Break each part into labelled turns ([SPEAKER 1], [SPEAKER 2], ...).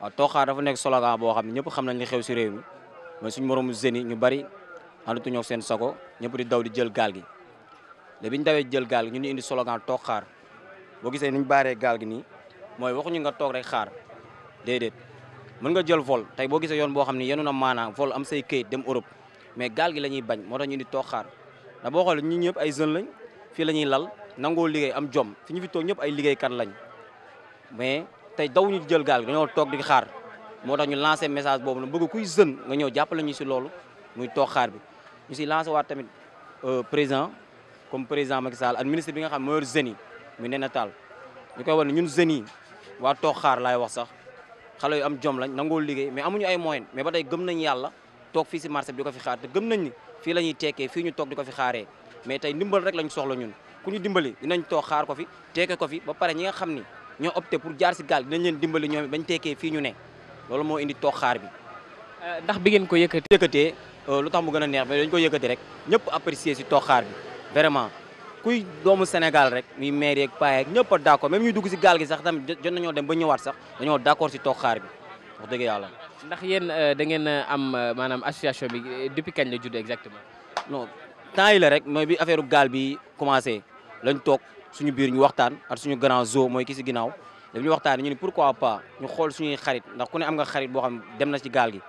[SPEAKER 1] waaw Tooxaa dafa nekk slogan boo xam ne ñëpp xam nañ li xew si réew mi mooy suñu moromu jeunes yi ñu bari àndatuñu ak seen sago ñëpp di daw di jël gaal gi léegi bi dawee jël gaal gi ñu indi slogan toog xaar boo gisee ni ñu baaree gaal gi nii mooy waxuñu nga toog rek xaar déedéet mën nga jël vol tey boo gisee yoon boo xam ne yenu na maanaam vol am say këyit dem Europe mais gaal gi la ñuy bañ moo tax ñu indi toog xaar ndax boo xoolee ñun ñëpp ay jeunes lañ fii la ñuy lal nangoo liggéey am jom fi ñu fi toog ñëpp ay liggéeykat lañ tey daw ñu jël gaal gi dañoo toog di xaar moo tax ñu lancé message boobu na bëgg kuy jeune nga ñëw jàppale ñu si loolu muy toog xaar bi ñu si lancé waat tamit euh, président comme président Macky Sall ak ministre bi nga xam ne mooy jeunes yi muy koy wax ne ñun yi waa toog xaar laay wax sax xale yu am jom lañ nangoo liggéey mais amuñu ay moyen mais ba tey gëm nañ yàlla toog fii si marché bi di ko fi xaar te gëm nañ ni fii la ñuy tekkee fii ñu toog di ko fi xaaree mais tey ndimbal rek lañ soxla ñun ku ñu dimbali dinañ toog xaar ko fi tekke ko fi ba pare ñi nga xam ni ñoo opté pour jaar si gaal dinañ leen dimbali ñoom bañ tekkee fii ñu ne loolu moo indi toog xaar bi. Euh, ndax bi ngeen ko yëkkatee. yëkkatee euh, lu tax mu gën a neex mais dañ ko yëkkati rek ñëpp apprécier si toog xaar vraiment kuy doomu Sénégal rek muy maire yeeg paa yeeg ñëpp a d' accord ñu dugg si gaal gi sax tamit jot nañoo dem ba ñëwaat sax dañoo d' si toog xaar bi dëgg yàlla. ndax yéen euh, da ngeen am maanaam association bi depuis kañ la judd exactement. non temps yi la rek mooy bi affaire gaal bi commencé. lañ toog suñu biir ñu waxtaan ak suñu grand zoo mooy ki si ginnaaw dañu waxtaan ñu ne pourquoi pas ñu xool suñuy xarit ndax ku ne am nga xarit boo xam dem na si gaal gi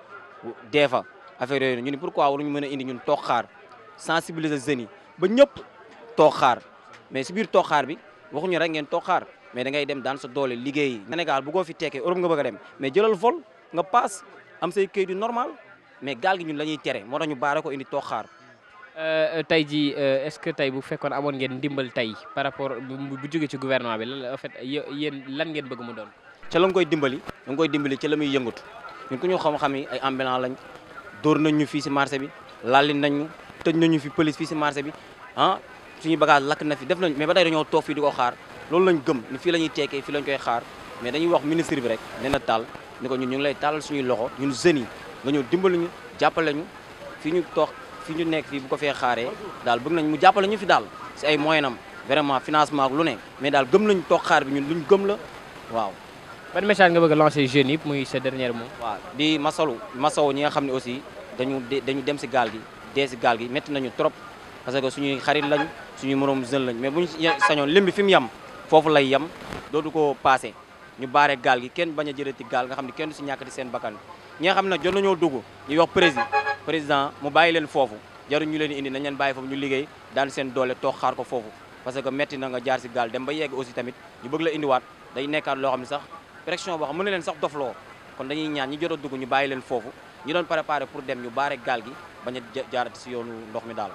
[SPEAKER 1] dee fa affaire yooyu ñu ne pourquoi waruñu mën a indi ñun toog xaar sensibiliser jeunes yi ba ñëpp toog xaar mais si biir toog xaar bi waxuñu rek ngeen toog xaar mais dangay dem daan sa doole liggéey Sénégal bu ko fi tekkee Europe nga bëgg dem mais jëlal vol nga paas am say këyit yu normal mais gaal gi ñun la ñuy tere moo tax ñu baare ko indi toog xaar
[SPEAKER 2] Euh, euh, tey ji euh, est-ce que tey bu fekkoon amoon ngeen ndimbal tey par rapport bu
[SPEAKER 1] jógee ci gouvernement bi lan en fait yéen lan ngeen bëgg mu doon. ca nga koy dimbali. da nga koy dimbali ca la muy yëngatu ñun ku ñu xam-xam yi ay ambulant lañ dóor nañ ñu fii si marché bi lalli nañ ñu tëj ñu fi police si marché bi ah suñu bagage lakk na fi def nañ mais ba tey dañoo fii di ko xaar loolu lañ gëm ni fii la ñuy teekee fii lañ koy xaar mais dañuy wax ministre bi rek nee na taal ni ko ñu ñu ngi lay taalal suñuy loxo ñun jeunes yi nga ñëw dimbali ñu jàppale ñu fii ñu toog fi ñu nekk fii bu ko fee xaaree daal bëgg nañ mu jàppale ñu fi daal si ay moyen am vraiment financement ak lu ne mais daal gëm lañ toog xaar bi ñun luñ gëm la waaw. ban message nga bëgg a lancer jeunes yi muy sa dernier mot. waaw di masalu masawu ñi nga xam ne aussi dañu dañu dem si gaal gi dee si gaal gi métti nañu trop parce que suñuy xarit lañ suñu moroom jeune lañ mais bu ñu sañoo lim bi fi mu yem foofu lay yem dootu ko passé ñu baare gaal gi kenn bañ a jëlati gaal nga xam ne kenn si si ñàkkati seen bakkan ñi nga xam ne jot nañoo dugg ñuy wax président mu bàyyi leen foofu jarul ñu leen indi nañ leen bàyyi foofu ñu liggéey daan seen doole toog xaar ko foofu parce que metti na nga jaar si gaal dem ba yegg aussi tamit ñu bëgg la indiwaat day nekkaat loo xam ne sax pression boo xam mën na leen sax dofloo kon dañuy ñaan ñi jot a dugg ñu bàyyi leen foofu ñi doon préparé pour dem ñu baare gaal gi bañ a jaarati si yoonu ndox mi daal